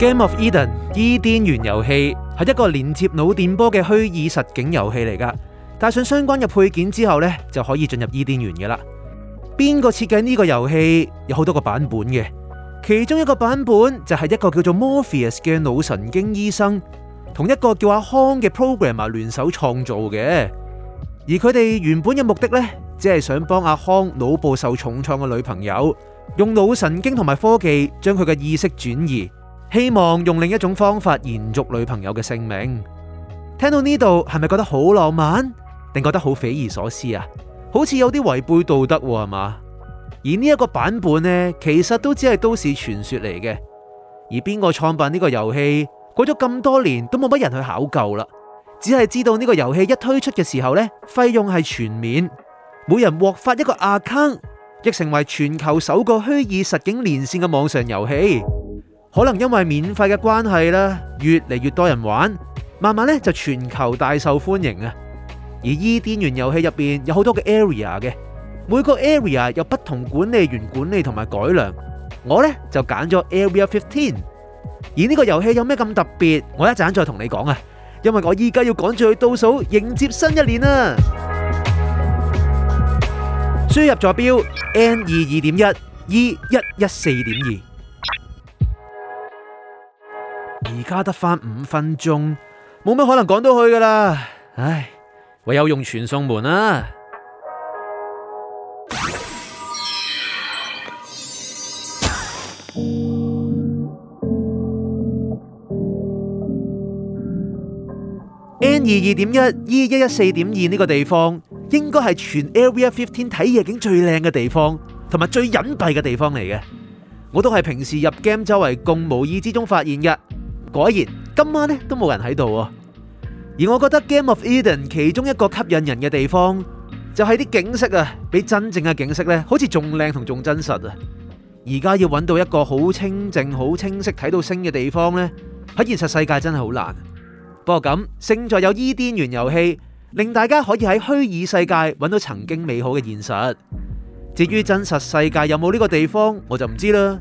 Game of Eden，伊甸園遊戲係一個連接腦電波嘅虛擬實景遊戲嚟噶。帶上相關嘅配件之後呢，就可以進入伊甸園嘅啦。邊個設計呢個遊戲有好多個版本嘅，其中一個版本就係一個叫做 Morpheus 嘅腦神經醫生，同一個叫阿康嘅 programmer 聯手創造嘅。而佢哋原本嘅目的呢，只係想幫阿康腦部受重創嘅女朋友用腦神經同埋科技將佢嘅意識轉移。希望用另一種方法延續女朋友嘅性命。聽到呢度係咪覺得好浪漫，定覺得好匪夷所思啊？好似有啲違背道德係嘛？而呢一個版本呢，其實都只係都市傳說嚟嘅。而邊個創辦呢個遊戲，過咗咁多年都冇乜人去考究啦。只係知道呢個遊戲一推出嘅時候呢，費用係全免，每人獲發一個 account，亦成為全球首個虛擬實景連線嘅網上遊戲。可能因為免費嘅關係啦，越嚟越多人玩，慢慢咧就全球大受歡迎啊！而《伊甸園》遊戲入邊有好多個 area 嘅，每個 area 有不同管理員管理同埋改良。我呢就揀咗 area fifteen。而呢個遊戲有咩咁特別？我一陣再同你講啊！因為我依家要趕住去倒數迎接新一年啊！輸入坐標 N 二二點一 E 一一四點二。而家得返五分鐘，冇乜可能趕到去噶啦！唉，唯有用傳送門啦、啊。 N 二二點一 E 一一四點二呢個地方，應該係全 Area Fifteen 睇夜景最靚嘅地方，同埋最隱蔽嘅地方嚟嘅。我都係平時入 game 周圍行，無意之中發現嘅。果然今晚咧，都冇人喺度啊。而我覺得《Game of Eden》其中一個吸引人嘅地方就係啲景色啊，比真正嘅景色咧好似仲靚同仲真實啊！而家要揾到一個好清靜、好清晰睇到星嘅地方咧，喺現實世界真係好難。不過咁勝在有《伊甸園》遊戲，令大家可以喺虛擬世界揾到曾經美好嘅現實。至於真實世界有冇呢個地方，我就唔知啦。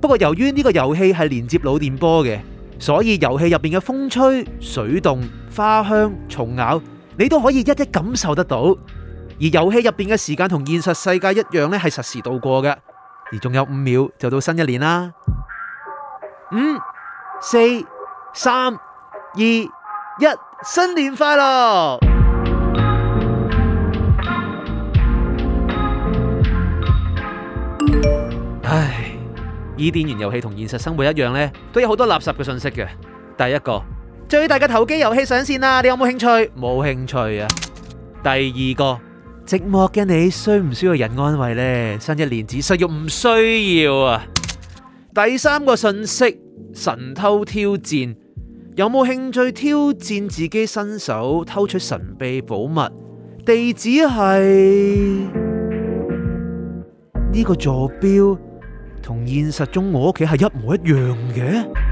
不過由於呢個遊戲係連接腦電波嘅。所以遊戲入邊嘅風吹、水動、花香、蟲咬，你都可以一一感受得到。而遊戲入邊嘅時間同現實世界一樣咧，係實時度過嘅。而仲有五秒就到新一年啦，五、四、三、二、一，新年快樂！伊甸園遊戲同現實生活一樣咧，都有好多垃圾嘅信息嘅。第一個最大嘅投機遊戲上線啦，你有冇興趣？冇興趣啊。第二個，寂寞嘅你需唔需要人安慰咧？新一年只需，要唔需要啊？第三個信息，神偷挑戰，有冇興趣挑戰自己身手，偷取神秘寶物？地址係呢個坐標。同現實中我屋企係一模一樣嘅。